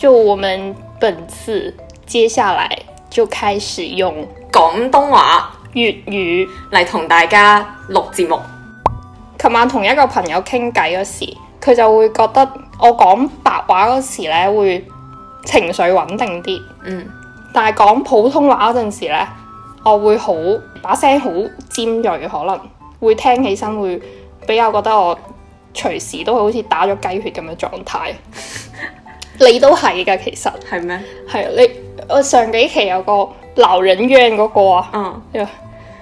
就我們本次接下來就開始用廣東話粵語嚟同大家錄節目。琴晚同一個朋友傾偈嗰時，佢就會覺得我講白話嗰時咧會情緒穩定啲，嗯。但係講普通話嗰陣時咧，我會好把聲好尖銳，可能會聽起身會比較覺得我隨時都好似打咗雞血咁嘅狀態。 你都係㗎，其實係咩？係啊，你我上幾期，期有個老人院嗰、那個啊，嗯，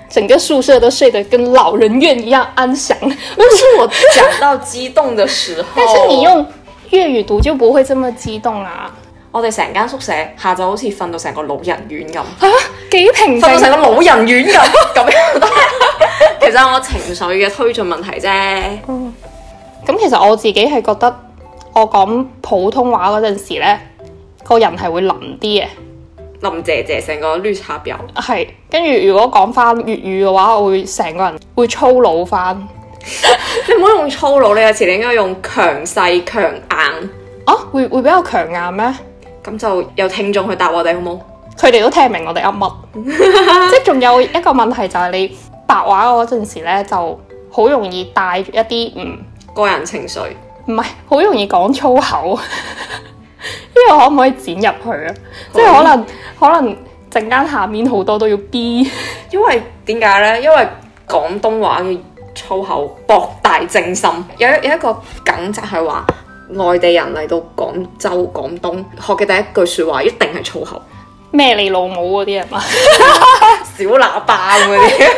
整個宿舍都睡得跟老人院一樣安詳。又 是我講到激動嘅時候， 但是你用粵語讀就唔會咁激動啊！我哋成間宿舍下晝好似瞓到成個老人院咁，幾、啊、平靜、啊，瞓成個老人院咁咁樣。 其實我情緒嘅推進問題啫。嗯，咁其實我自己係覺得。我講普通話嗰陣時咧，個人係會腍啲嘅，林姐姐，成個綠茶婊，係跟住如果講翻粵語嘅話，我會成個人會粗魯翻。 你唔好用粗魯呢個詞，你應該用強勢、強硬哦，會會比較強硬咩？咁就有聽眾去答我哋好冇？佢哋都聽明我哋噏乜？即係仲有一個問題就係你白話嗰陣時咧，就好容易帶一啲嗯、呃、個人情緒。唔係，好容易講粗口。呢 個可唔可以剪入去啊？即係可能，可能陣間下，下面好多都要 B。因為點解呢？因為廣東話嘅粗口博大精深。有有一個梗就係、是、話，內地人嚟到廣州廣東學嘅第一句說話，一定係粗口。咩你老母嗰啲係嘛？ 小喇叭嗰啲，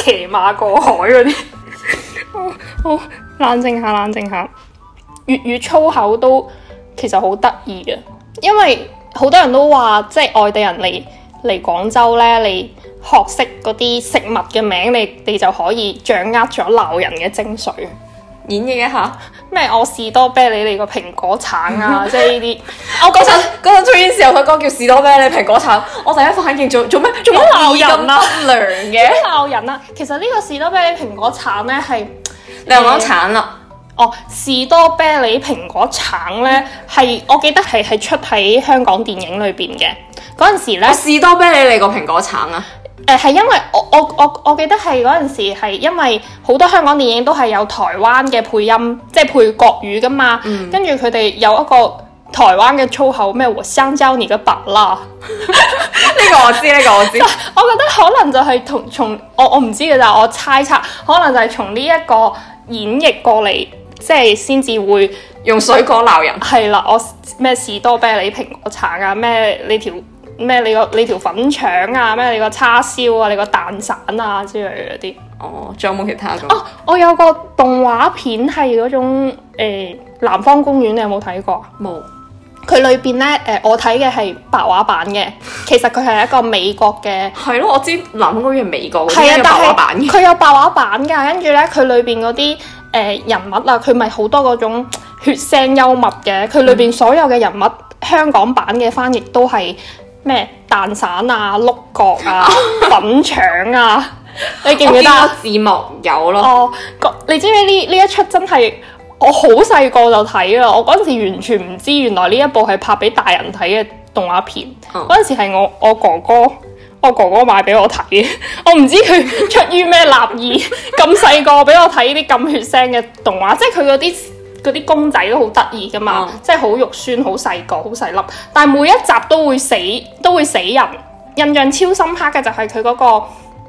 騎馬過海嗰啲。好 ，oh, oh, 冷靜下，冷靜下。粵語粗口都其實好得意嘅，因為好多人都話，即係外地人嚟嚟廣州咧，你學識嗰啲食物嘅名，你你就可以掌握咗鬧人嘅精髓。演繹一下咩？我士多啤梨你個蘋果橙啊！ 即係呢啲。 我嗰陣嗰陣出現時候，佢講叫士多啤梨蘋果橙，我第一反應做做咩？做乜鬧人啊？不良嘅鬧人啊！其實呢個士多啤梨蘋果橙咧係你又講橙啦、啊嗯。嗯哦，士多啤梨蘋果橙咧，係我記得係係出喺香港電影裏邊嘅嗰陣時咧。士多啤梨你個蘋果橙啊！誒、呃，係因為我我我我記得係嗰陣時係因為好多香港電影都係有台灣嘅配音，即係配國語噶嘛。嗯。跟住佢哋有一個台灣嘅粗口咩？活香蕉你嘅白啦。呢 個我知，呢、呢個我知。 我覺得可能就係同從，從我我唔知嘅，就係我猜測可能就係從呢一個演繹過嚟。即係先至會用水果鬧人。係啦、嗯，我咩士多啤梨、蘋果橙啊，咩你條咩你個你條粉腸啊，咩你個叉燒啊，你個蛋散啊之類嗰啲。哦，仲有冇其他？哦，我有個動畫片係嗰種誒《南方公園》，你有冇睇過？冇。佢裏邊咧誒，我睇嘅係白話版嘅。其實佢係一個美國嘅。係咯，我知《南方公園》係美國嘅白話版。佢 有白話版㗎，跟住咧佢裏邊嗰啲。誒、呃，人物啊，佢咪好多嗰種血腥幽默嘅。佢裏邊所有嘅人物，嗯、香港版嘅翻譯都係咩蛋散啊、碌葛啊、粉腸 啊，你記唔記得啊？字幕有咯。哦，你知唔知呢？呢一出真係我好細個就睇啦。我嗰陣時，時，完全唔知，原來呢一部係拍俾大人睇嘅動畫片。嗰陣、嗯、時係我我哥哥。我哥哥買俾我睇 我唔知佢出於咩立意，咁細個俾我睇呢啲咁血腥嘅動畫，即係佢嗰啲嗰啲公仔都好得意噶嘛，嗯、即係好肉酸，好細個，好細粒，但係每一集都會死，都會死人。印象超深刻嘅就係佢嗰個誒、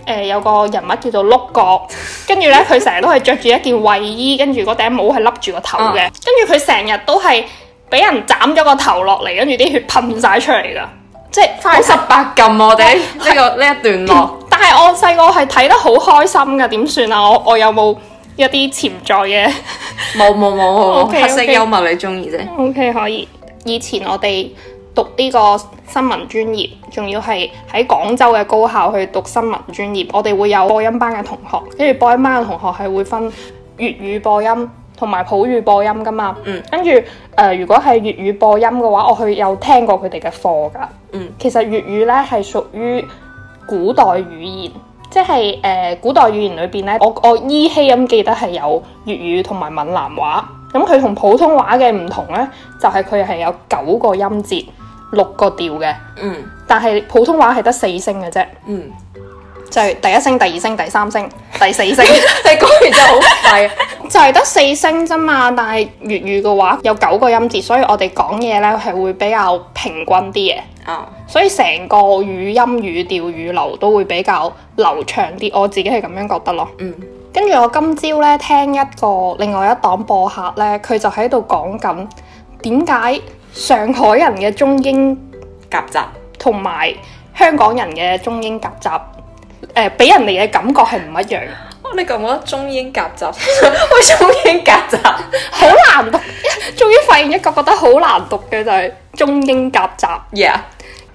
呃、有個人物叫做碌角，跟住咧佢成日都係着住一件衛衣，跟住嗰頂帽係笠住個頭嘅，跟住佢成日都係俾人斬咗個頭落嚟，跟住啲血噴晒出嚟噶。即係快十八、哦、禁，我哋呢個呢一段咯。但係我細個係睇得好開心㗎，點算啊？我我有冇一啲潛在嘅冇冇冇黑色幽默，你，你中意啫。OK 可以。以前我哋讀呢個新聞專業，仲要係喺廣州嘅高校去讀新聞專業。我哋會有播音班嘅同學，跟住播音班嘅同學係會分粵語播音同埋普語播音噶嘛。嗯，跟住誒，如果係粵語播音嘅話，我去有聽過佢哋嘅課㗎。其實粵語咧係屬於古代語言，即係誒、呃、古代語言裏邊咧，我我依稀咁記得係有粵語同埋閩南話。咁佢同普通話嘅唔同咧，就係佢係有九個音節、六個調嘅。嗯。但係普通話係得四聲嘅啫。嗯。就係第一聲、第二聲、第三聲、第四聲。就係講完就好。 就係得四聲啫嘛，但係粵語嘅話有九個音節，所以我哋講嘢咧係會比較平均啲嘅。哦，oh. 所以成個語音語調語流都會比較流暢啲，我自己係咁樣覺得咯。嗯，跟住我今朝咧聽一個另外一檔播客咧，佢就喺度講緊點解上海人嘅中英夾雜，同埋香港人嘅中英夾雜，誒、呃、俾人哋嘅感覺係唔一樣。 你覺唔覺得中英夾雜？喂 中英夾雜，好難讀。終於發現一個覺得好難讀嘅就係、是、中英夾雜。Yeah，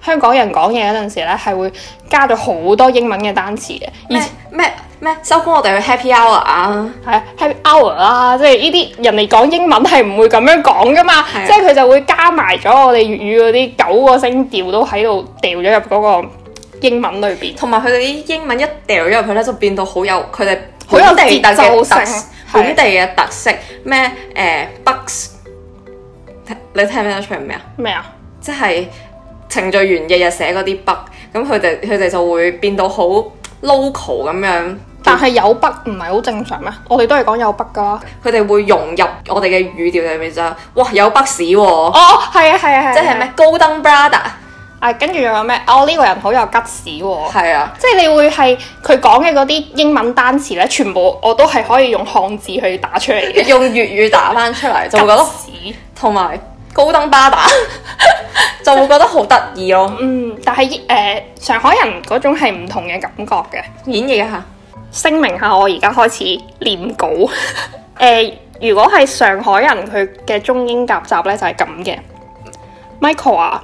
香港人講嘢嗰陣時咧，係會加咗好多英文嘅單詞嘅。咩咩咩，收工我哋去 Happy Hour 啊！係、啊、Happy Hour 啊！即係呢啲人哋講英文係唔會咁樣講噶嘛，Yeah. 即係佢就會加埋咗我哋粵語嗰啲九個聲調都喺度掉咗入嗰、那個。英文裏邊，同埋佢哋啲英文一掉入去咧，就變到好有佢哋好有本地特色，本地嘅特色咩？誒的、呃、bugs 你聽唔聽得出嚟咩啊？咩啊麼？即係程序員日日寫嗰啲 bugs，咁佢哋佢哋就會變到好 local 咁樣。但係有 bugs 唔係好正常咩？我哋都係講有 bugs 噶、啊。佢哋會融入我哋嘅語調入面啫。哇，有 bugs 喎、啊！哦，係啊，係啊，係。即係咩？高登 brother。啊、跟住又有咩？我、哦、呢、這個人好有吉士喎、哦，啊，即係你會係佢講嘅嗰啲英文單詞呢，全部我都係可以用漢字去打出嚟嘅， 用粵語打返出嚟士就會覺得同埋高登巴打 就會覺得好得意咯。嗯，但係誒、呃、上海人嗰種係唔同嘅感覺嘅，演繹下，聲明下我而家開始念稿。誒、 呃，如果係上海人佢嘅中英夾雜呢就係咁嘅，Michael 啊。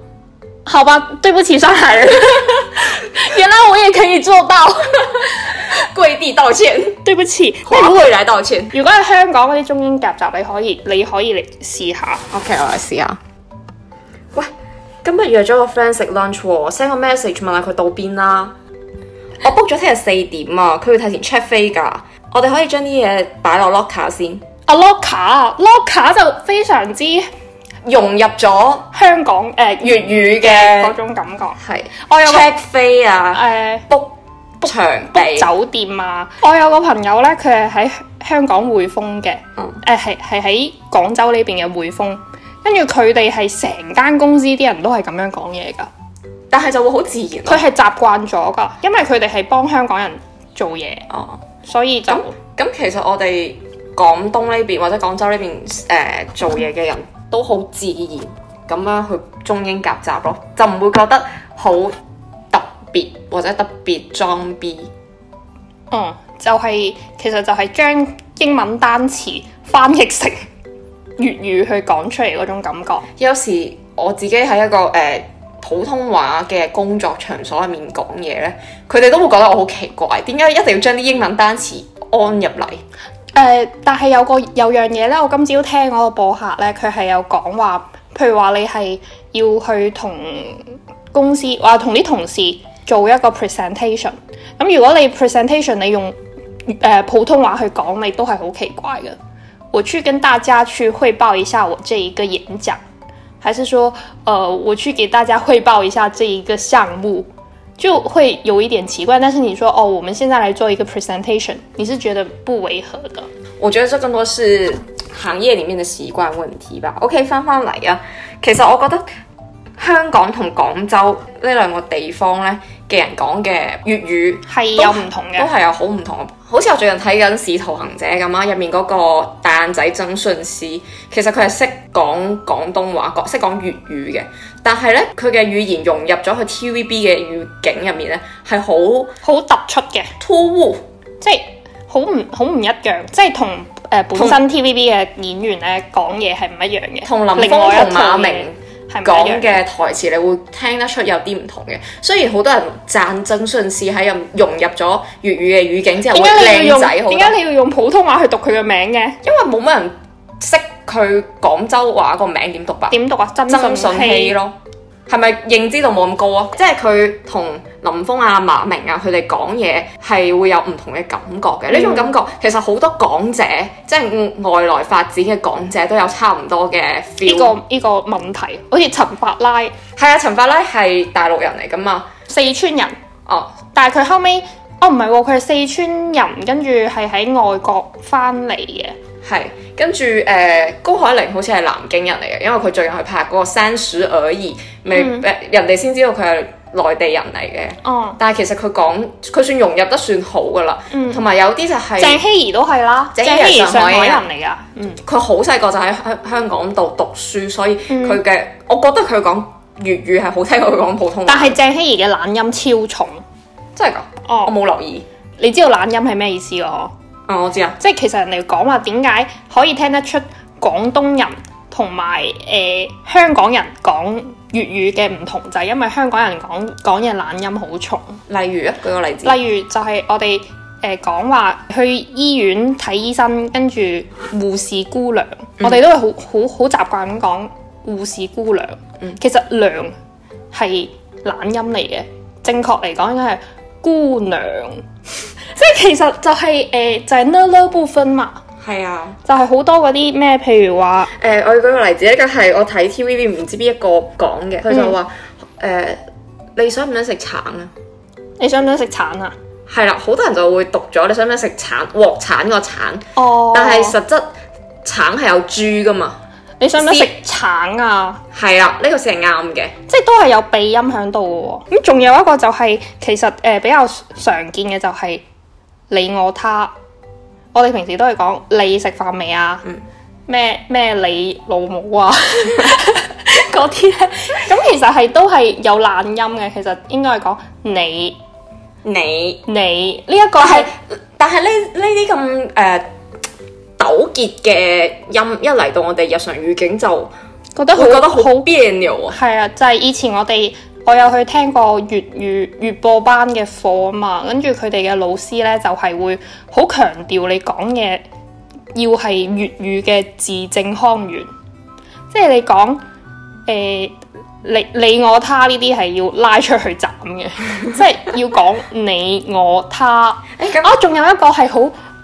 好吧，對不起上海人，原來我也可以做到，跪 地道歉，對不起，華貴來道歉。如果係香港嗰啲中英夾雜，你可以，你可以嚟試下。OK，我嚟試下。喂，今日約咗個 friend 食 lunch，send 個 message 問下佢到邊啦。我 book 咗聽日四點啊，佢會提前 check 飛噶。我哋可以、er? 將啲嘢擺落 locker 先。阿 locker，locker 就非常之。融入咗香港誒粵語嘅嗰種感覺係，的我有 check 飛啊，誒 book 場 book 酒店啊。我有個朋友咧，佢係喺香港匯豐嘅，誒係係喺廣州呢邊嘅匯豐。跟住佢哋係成間公司啲人都係咁樣講嘢噶，但係就會好自然啊。佢係習慣咗噶，因為佢哋係幫香港人做嘢，哦，所以就咁。咁其實我哋廣東呢邊或者廣州呢邊誒做嘢嘅人，嗯都好自然咁樣去中英夾雜咯，就唔會覺得好特別或者特別裝逼。嗯，就係，其實就係將英文單詞翻譯成粵語去講出嚟嗰種感覺。有時我自己喺一個誒普通話嘅工作場所入面講嘢呢，佢哋都會覺得我好奇怪，點解一定要將啲英文單詞安入嚟？誒，uh, 但係有個有樣嘢咧，我今朝聽我個播客咧，佢係有講話，譬如話你係要去同公司，話同啲同事做一個 presentation。咁、嗯、如果你 presentation 你用誒、呃、普通話去講，你都係好奇怪嘅。我去跟大家去匯報一下我這一個演講，還是說，誒、呃，我去給大家匯報一下這一個項目。就會有一點奇怪，但是你說，哦，我們現在來做一個 presentation，你是覺得不違和的。我覺得這更多是行業裏面的習慣問題吧。OK，返返嚟呀。其實我覺得香港同廣州呢兩個地方呢。嘅人講嘅粵語係有唔同嘅，都係有好唔同。好似我最近睇緊《使徒行者》咁啊，入面嗰個大眼仔曾舜晞，其實佢係識講廣東話，講識講粵語嘅。但係咧，佢嘅語言融入咗去 TVB 嘅語境入面咧，係好好突出嘅，突兀，即係好唔好唔一樣，即係同誒本身 TVB 嘅演員咧跟講嘢係唔一樣嘅，同林峯同馬明。講嘅台詞你會聽得出有啲唔同嘅，雖然好多人讚曾舜晞喺入融入咗粵語嘅語境之後，點解你要用會靚仔，好。點解你要用普通話去讀佢嘅名嘅？因為冇乜人識佢廣州話個名點讀吧？點讀啊？曾舜晞咯，係咪認知度冇咁高啊？即係佢同。林峰啊、馬明啊，佢哋講嘢係會有唔同嘅感覺嘅。呢種感覺、嗯、其實好多港姐，即係外來發展嘅港姐都有差唔多嘅 feel。呢、這個呢、這個問題，好似陳法拉係啊，陳法拉係大陸人嚟㗎嘛？四川人哦，但係佢後尾，哦唔係喎，佢係四川人，跟住係喺外國翻嚟嘅。係跟住誒，高海寧好似係南京人嚟嘅，因為佢最近去拍嗰個《三十而已》，嗯、人哋先知道佢係。內地人嚟嘅，oh. 但係其實佢講佢算融入得算好噶、嗯就是、啦，同埋有啲就係鄭希怡都係啦，鄭希怡上海人嚟噶，佢好細個就喺香香港度讀書，所以佢嘅、嗯、我覺得佢講粵語係好聽過佢講普通話，但係鄭希怡嘅懶音超重，真係㗎？哦，oh. 我冇留意，你知道懶音係咩意思咯？啊，oh, 我知啊，即係其實人哋講話點解可以聽得出廣東人同埋誒香港人講。粵語嘅唔同就係、是、因為香港人講講嘢懶音好重，例如啊，舉、那個例子，例如就係我哋誒、呃、講話去醫院睇醫生，跟住護士姑娘，嗯、我哋都係好好好習慣咁講護士姑娘。嗯、其實娘係懶音嚟嘅，正確嚟講應該係姑娘，即 係其實就係、是、誒、呃、就係 n、l 不分嘛。係啊，就係好多嗰啲咩，譬如話誒、呃，我舉個例子，一個係我睇 TVB 唔知邊一個講嘅，佢就話誒、嗯呃，你想唔想食橙啊？你想唔想食橙啊？係啦、啊，好多人就會讀咗你想唔想食橙，鑊橙個橙，哦，橙橙，哦，但係實質橙係有豬噶嘛？你想唔想食橙啊？係啊，呢、這個先係啱嘅，即係都係有鼻音喺度嘅。咁、嗯、仲有一個就係、是，其實誒、呃、比較常見嘅就係你我他。我哋平時都係講你食飯未啊？咩咩、嗯、你老母啊？嗰啲咧咁， 其實係都係有懶音嘅。其實應該係講你、你、你、呃、呢一個係，但係呢呢啲咁誒糾結嘅音一嚟到我哋日常語境就覺得覺得好變調係啊，就係、是、以前我哋。我有去聽過粵語粵播班嘅課啊嘛，跟住佢哋嘅老師咧就係、是、會好強調你講嘢要係粵語嘅字正腔圓，即係你講誒、呃、你你我他呢啲係要拉出去斬嘅， 即係要講你我他。我仲、 哎啊、有一個係好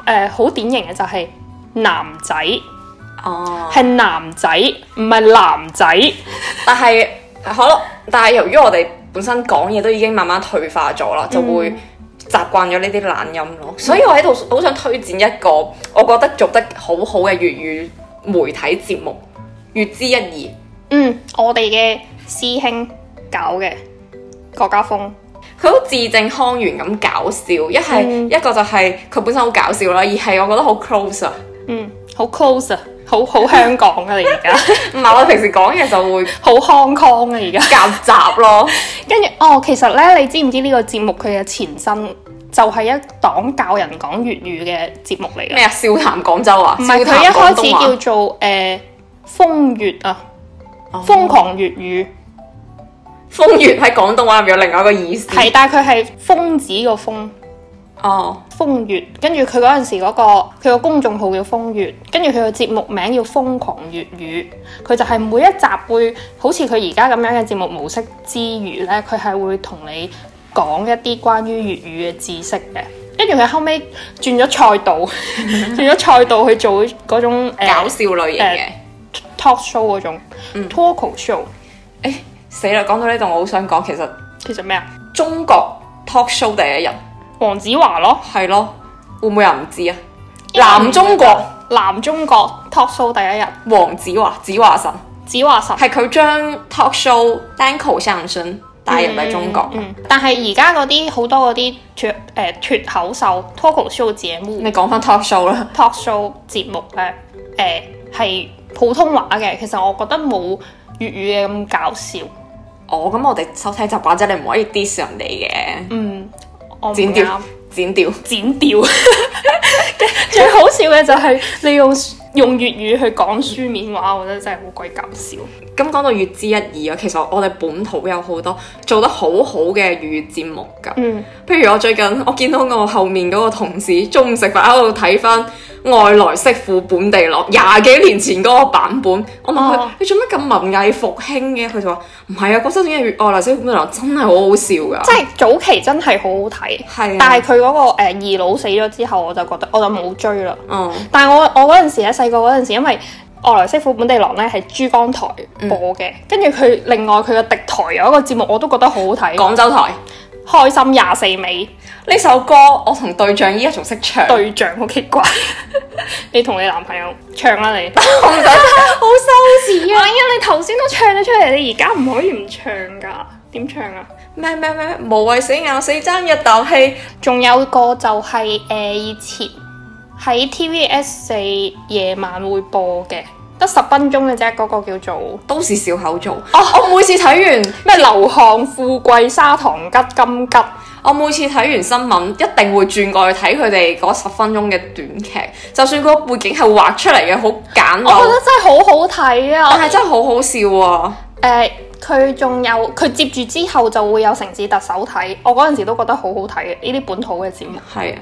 誒好典型嘅就係、是、男仔，哦係男仔，唔係男仔，男仔但係。可能，但係由於我哋本身講嘢都已經慢慢退化咗啦，嗯、就會習慣咗呢啲懶音咯。所以我喺度好想推薦一個我覺得做得好好嘅粵語媒體節目《粵知一二》。嗯，我哋嘅師兄搞嘅郭家峯，佢好字正腔圓咁搞笑，一係一個就係佢本身好搞笑啦，二係我覺得好 close 啊，嗯，好 close 啊。好好香港啊！你而家唔係我平時講嘢就會 好康康啊！而家 夾雜咯，跟住哦，其實咧，你知唔知呢個節目佢嘅前身就係一檔教人講粵語嘅節目嚟嘅？咩啊？笑談廣州啊？唔係，佢一開始叫做誒瘋粵啊，oh. 瘋狂粵語。風月喺廣東話入面有另外一個意思，係 但係佢係瘋子個瘋。哦，oh. 風月，跟住佢嗰陣時嗰、嗰個佢個公眾號叫風月，跟住佢個節目名叫《瘋狂粵語》，佢就係每一集會好似佢而家咁樣嘅節目模式之餘呢，佢係會同你講一啲關於粵語嘅知識嘅。跟住佢後尾轉咗賽道， 轉咗賽道去做嗰種搞笑類型嘅、呃、talk show 嗰種、嗯、talk show。誒死啦！講到呢度，我好想講，其實其實，咩啊？中國 talk show 第一人。黃子華咯，係咯， 會唔會又唔知啊？南中國，南中國 talk show 第一日，黃子華，子華神，子華神係佢將 talk show 棟篤笑，相信帶入嚟中國嗯。嗯，但係而家嗰啲好多嗰啲脫誒脫口秀 talk show, show 節目，你講翻 talk show 啦，talk show 節目咧誒係普通話嘅，其實我覺得冇粵語嘅咁搞笑。哦，咁我哋收睇習慣啫，你唔可以 diss 人哋嘅。嗯。剪掉，剪掉，剪掉。 最好笑嘅就係你用用粵語去講書面話，我覺得真係好鬼搞笑。咁講到粵之一二啊，其實我哋本土有好多做得好好嘅粵語節目㗎。嗯，譬如我最近我見到我後面嗰個同事中午食飯喺度睇返。外來媳婦本地郎廿幾年前嗰個版本，我問佢：哦、你做乜咁文藝復興嘅？佢就話：唔係啊，嗰收錢係《外來媳婦本地郎》，真係好好笑㗎。即係早期真係好好睇，啊、但係佢嗰個、呃、二佬死咗之後，我就覺得我就冇追啦。哦、嗯，但係我我嗰陣時喺細個嗰陣時，因為《外來媳婦本地郎》咧係珠江台播嘅，跟住佢另外佢嘅《敵台》有一個節目我都覺得好好睇。廣州台。開心廿四味呢首歌，我同對象依家仲識唱。對象好奇怪， 你同你男朋友唱啦你。我唔想，好羞恥啊！因、哎、呀，你頭先都唱咗出嚟，你而家唔可以唔唱噶？點唱啊？咩咩咩，無謂死咬死爭一啖氣。仲有個就係、是、誒、呃，以前喺 T V S 四夜晚會播嘅。得十分鐘嘅啫，嗰、嗰個叫做《都市笑口組》。哦，我每次睇完咩流汗、富貴、砂糖桔、金桔，我每次睇完新聞一定會轉過去睇佢哋嗰十分鐘嘅短劇，就算個背景係畫出嚟嘅好簡陋。我覺得真係好好睇啊！但係真係好好笑啊！佢仲、呃、有佢接住之後就會有《城市特首》睇，我嗰陣時都覺得好好睇嘅，呢啲本土嘅節目係啊。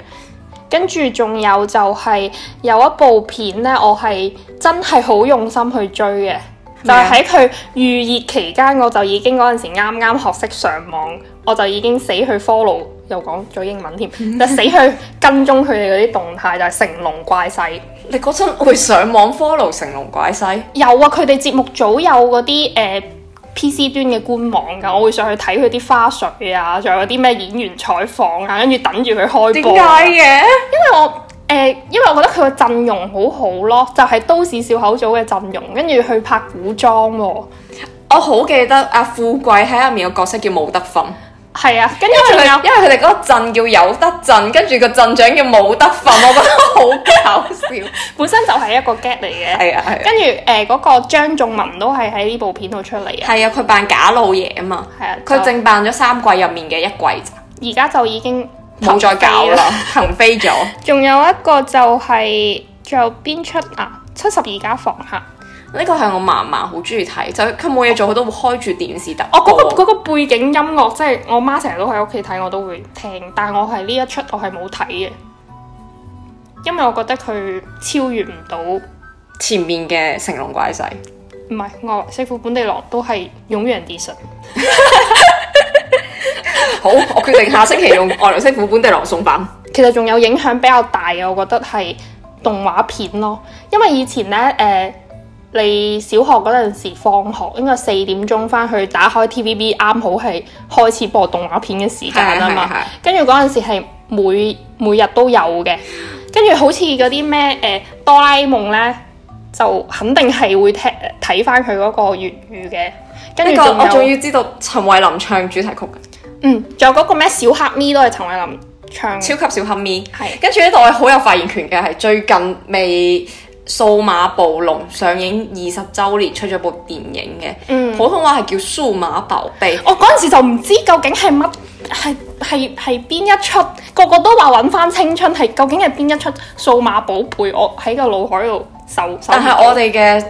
跟住仲有就係有一部片呢，我係真係好用心去追嘅。麼就係喺佢預熱期間，我就已經嗰陣時啱啱學識上網，我就已經死去 follow，又講咗英文添， 就死去跟蹤佢哋嗰啲動態，就係、是、成龍怪世。你嗰陣會上網 follow 成龍怪世？ 有啊，佢哋節目組有嗰啲誒。呃 P C 端嘅官網噶，我會上去睇佢啲花絮啊，仲有啲咩演員採訪啊，跟住等住佢開播，啊。點解嘅？因為我誒、呃，因為我覺得佢個陣容好好咯，就係、是、都市笑口組嘅陣容，跟住去拍古裝喎。我好記得阿、啊、富貴喺入面嘅角色叫冇得瞓。係啊，跟住仲有，因為佢哋嗰個鎮叫有得鎮，跟住個鎮長叫冇得瞓， 我覺得好搞笑。 本身就係一個 get 嚟嘅。係啊係。啊跟住誒嗰個張仲文都係喺呢部片度出嚟啊。係啊，佢扮假老爺啊嘛。係啊，佢淨扮咗三季入面嘅一季咋。而家就已經冇再搞啦，騰飛咗。仲 了有一個就係、是、仲有邊出啊？七十二家房客。呢個係我嫲嫲好中意睇，就佢冇嘢做，佢、哦、都會開住電視。得哦，嗰、嗰個嗰個背景音樂，即係我媽成日都喺屋企睇，我都會聽。但係我係呢一出我係冇睇嘅，因為我覺得佢超越唔到前面嘅《成龍怪世》，唔係外來媳婦本地郎都係勇揚跌神。 好，我決定下星期用外來媳婦本地郎送飯。 其實仲有影響比較大嘅，我覺得係動畫片咯，因為以前咧誒。呃你小學嗰陣時放學應該四點鐘返去，打開 T V B，啱好係開始播動畫片嘅時間啊嘛。跟住嗰陣時係每每日都有嘅。跟住好似嗰啲咩誒哆啦 A 夢呢，就肯定係會聽睇返佢嗰個粵語嘅。跟住我仲要知道陳慧琳唱主題曲。嗯，仲有嗰個咩小黑咪，都係陳慧琳唱。超級小黑咪。係的。跟住呢度，我係好有發言權嘅，係最近未。《數碼暴龍》上映二十週年出咗部電影嘅，嗯、普通話係叫《數碼寶貝》。我嗰陣時就唔知究竟係乜，係係係邊一出？個個都話揾翻青春，係究竟係邊一出？《數碼寶貝》我，我喺個腦海度搜。但係我哋嘅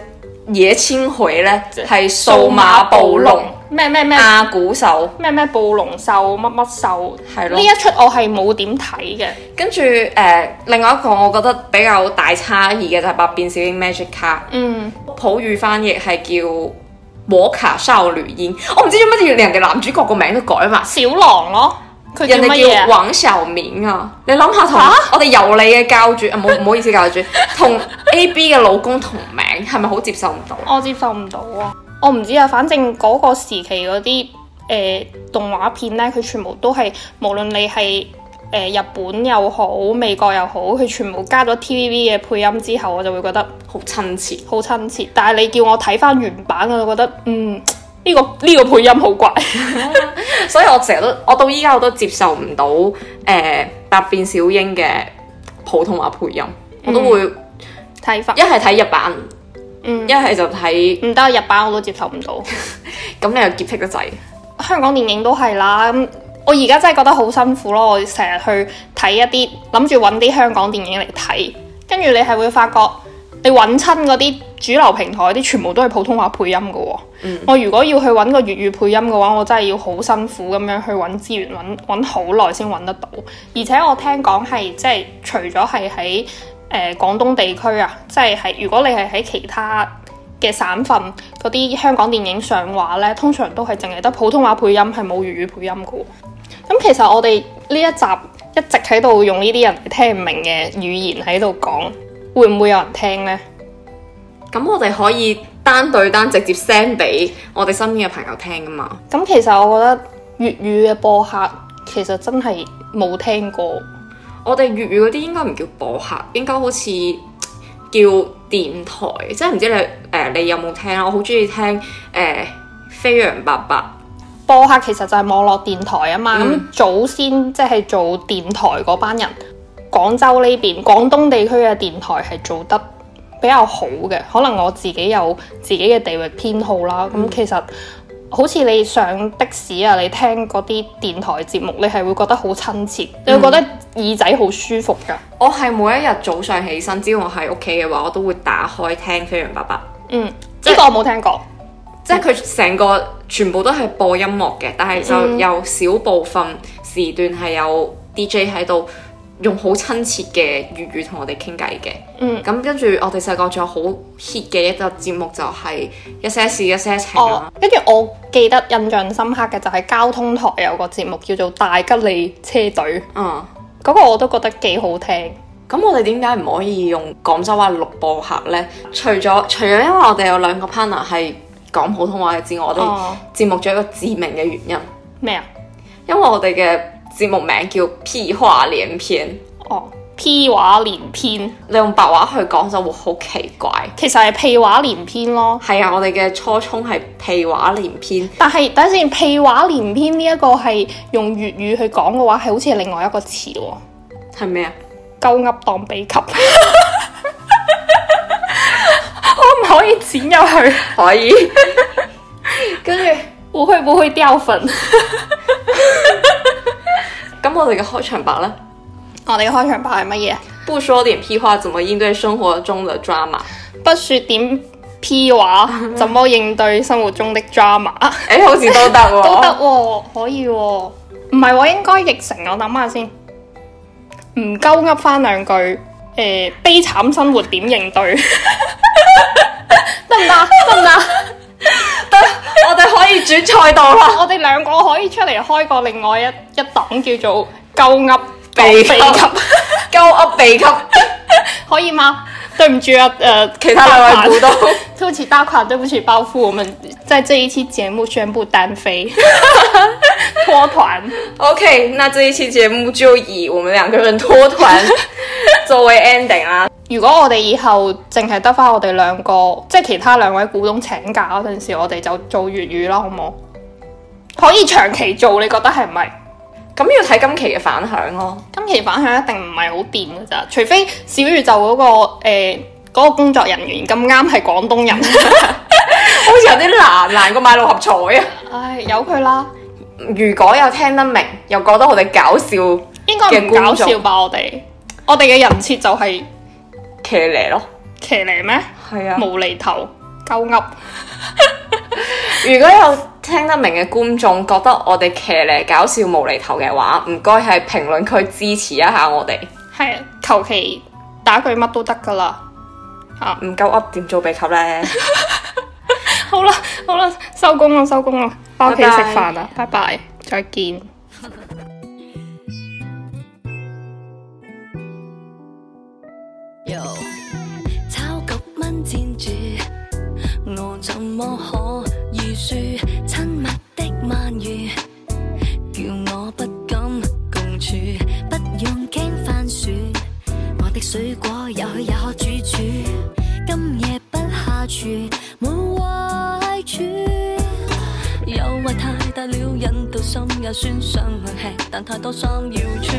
野千歲呢，係《數碼暴龍》暴龍。咩咩咩，阿、啊、古獸，咩咩暴龍獸，乜乜獸，係咯的？呢一出我係冇點睇嘅。跟住誒、呃，另外一個我覺得比較大差異嘅，就係、是《百變小櫻 Magic 卡》，嗯，普語翻譯係叫魔卡少女櫻。我唔知做乜嘢要連人哋男主角個名都改埋「小狼」咯，佢叫乜嘢？王小明啊！啊你諗下同我哋油膩嘅教主，唔好唔好意思，教主同 A B 嘅老公同名，係咪好接受唔到？我接受唔到啊！我唔知啊，反正嗰個時期嗰啲誒動畫片呢，佢全部都係無論你係誒、呃、日本又好，美國又好，佢全部加咗 TVB 嘅配音之後，我就會覺得好親切，好親切。但係你叫我睇翻原版我就覺得嗯呢、呢個呢、呢個配音好怪， 所以我成日都我到依家我都接受唔到誒《百、呃、變小櫻》嘅普通話配音，我都會睇翻，一係睇日版。嗯，一係就睇唔得日版，我都接受唔到，咁 你又潔癖得滯。香港電影都係啦，咁我而家真係覺得好辛苦咯。我成日去睇一啲諗住揾啲香港電影嚟睇，跟住你係會發覺你揾親嗰啲主流平台啲全部都係普通話配音㗎喎。嗯、我如果要去揾個粵語配音嘅話，我真係要好辛苦咁樣去揾資源，揾揾好耐先揾得到。而且我聽講係即係除咗係喺。誒、呃、廣東地區啊，即係喺如果你係喺其他嘅省份嗰啲香港電影上畫呢，通常都係淨係得普通話配音，係冇粵語配音噶。咁其實我哋呢一集一直喺度用呢啲人哋聽唔明嘅語言喺度講，會唔會有人聽呢？咁我哋可以單對單直接 send 俾我哋身邊嘅朋友聽噶嘛？咁其實我覺得粵語嘅播客其實真係冇聽過。我哋粵語嗰啲應該唔叫播客，應該好似叫電台，即係唔知你誒、呃、你有冇聽啦。我好鍾意聽誒、呃《飛揚八八》播客，其實就係網絡電台啊嘛。咁祖、嗯、先即係做電台嗰班人，廣州呢邊廣東地區嘅電台係做得比較好嘅。可能我自己有自己嘅地域偏好啦。咁、嗯、其實。好似你上的士啊，你聽嗰啲電台節目，你係會覺得好親切，你又、嗯、覺得耳仔好舒服噶。我係每一日早上起身，只要我喺屋企嘅話，我都會打開聽飛揚爸爸。嗯，呢即個我冇聽過，即係佢成個全部都係播音樂嘅，嗯、但係就有小部分時段係有 DJ 喺度。嗯嗯用好親切嘅粵語同我哋傾偈嘅，咁跟住我哋細個仲有好 hit 嘅一個節目就係一些事一些情，跟住我記得印象深刻嘅就係交通台有個節目叫做大吉利車隊，嗰、嗯、個我都覺得幾好聽。咁我哋點解唔可以用廣州話錄播客呢？除咗除咗因為我哋有兩個 partner 係講普通話嘅之外，哦、我哋節目仲有一個致命嘅原因咩啊？麼因為我哋嘅節目名叫屁話連篇，哦，屁話連篇。你用白話去講就，我好奇怪。其實係屁話連篇咯。係啊，我哋嘅初衷係屁話連篇。但係等下先，屁話連篇呢一個係用粵語去講嘅話，係好似係另外一個詞，係咩啊？鳩噏當比及， 我唔可以剪入去？ 可以。跟住 我會不會掉粉？ 咁我哋嘅開場白咧，我哋嘅開場白係乜嘢？不說點屁話，怎麼應對生活中的 drama？ 欸、不，想想想不說點屁話，呃、怎麼應對生活中的 drama？誒，好似都得喎，都得喎，可以喎，唔係喎，應該譯成，我諗下先。唔鳩噏翻兩句，誒，悲慘生活點應對？得唔得？得唔得？得，我得。可以 轉賽道啦！我哋兩個可以出嚟開個另外一一檔叫做鳩噏秘笈級，鳩噏秘笈級 可以嗎？對唔住啊，誒、呃、其他兩位股東搭檔， 對不起大款，對不起包袱，我們在這一期節目宣布單飛，脫 團。OK，那這一期節目就以我們兩個人脫團作為 ending 啦、啊。如果我哋以後淨係得返我哋兩個，即係其他兩位股東請假嗰陣時，我哋就做粵語啦，好唔好？可以長期做，你覺得係唔係？咁 要睇今期嘅反響咯。今期反響一定唔係好掂㗎咋，除非小宇宙嗰、嗰個誒嗰個工作人員咁啱係廣東人，好似有啲難難過買六合彩啊。 唉，由佢啦。如果有聽得明又覺得我哋搞笑嘅觀眾應該唔搞笑吧？我哋我哋嘅人設就係、就係。騎呢咯，騎呢咩？係啊，無厘頭，夠噏。 如果有聽得明嘅觀眾覺得我哋騎呢搞笑無厘頭嘅話，唔該喺評論區支持一下我哋。係啊，求其打句乜都得噶啦。啊，唔夠噏點做秘笈呢？ 好啦好啦，收工啦收工啦，翻屋企食飯啦，拜拜再見。我怎麼可以說親密的鰻魚，叫我不敢共處，不用驚番薯。我的水果也許也可煮煮，今夜不下廚，沒壞處。誘惑 太大了，引到心也酸，想去吃，但太多衫要穿。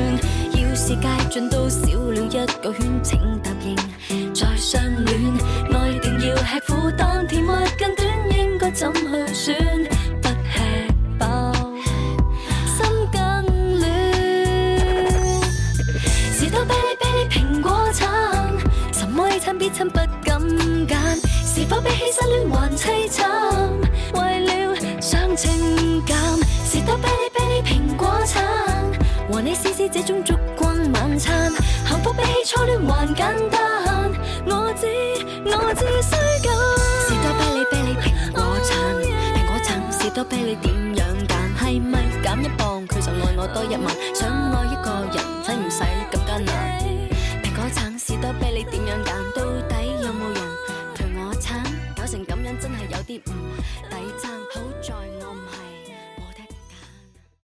要是街盡都少了一個圈，請答應再相戀愛。要吃苦當甜蜜更短，應該怎去選？不吃飽，心更亂。士 多啤梨啤梨蘋果橙，什麼 A 餐 B 餐不敢揀，是否比起失戀還凄慘？為了想情感，士多啤梨啤梨蘋果橙。和你試試這種燭光晚餐，幸福比起初戀還簡單。士 多啤梨啤梨蘋果橙蘋果橙士多啤梨點樣揀？係咪減一磅？佢就愛我多一晚。想愛。